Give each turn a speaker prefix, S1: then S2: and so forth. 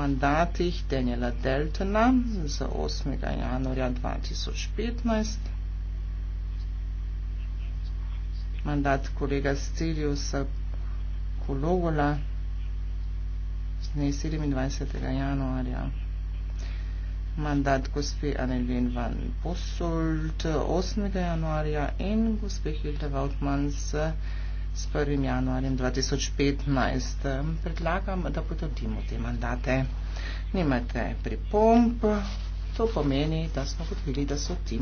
S1: mandatih Daniela Deltona z 8. januarja 2015, mandat kolega Stiriusa Kologola z dne 27. januarja, mandat gospe Annelien van Bosselt 8. januarja in gospe Hilde Wautmann z s 1. januarjem 2015. Predlagam, da potrdimo te mandate. Nimate pripomb, to pomeni, da smo potrdili, da so tim.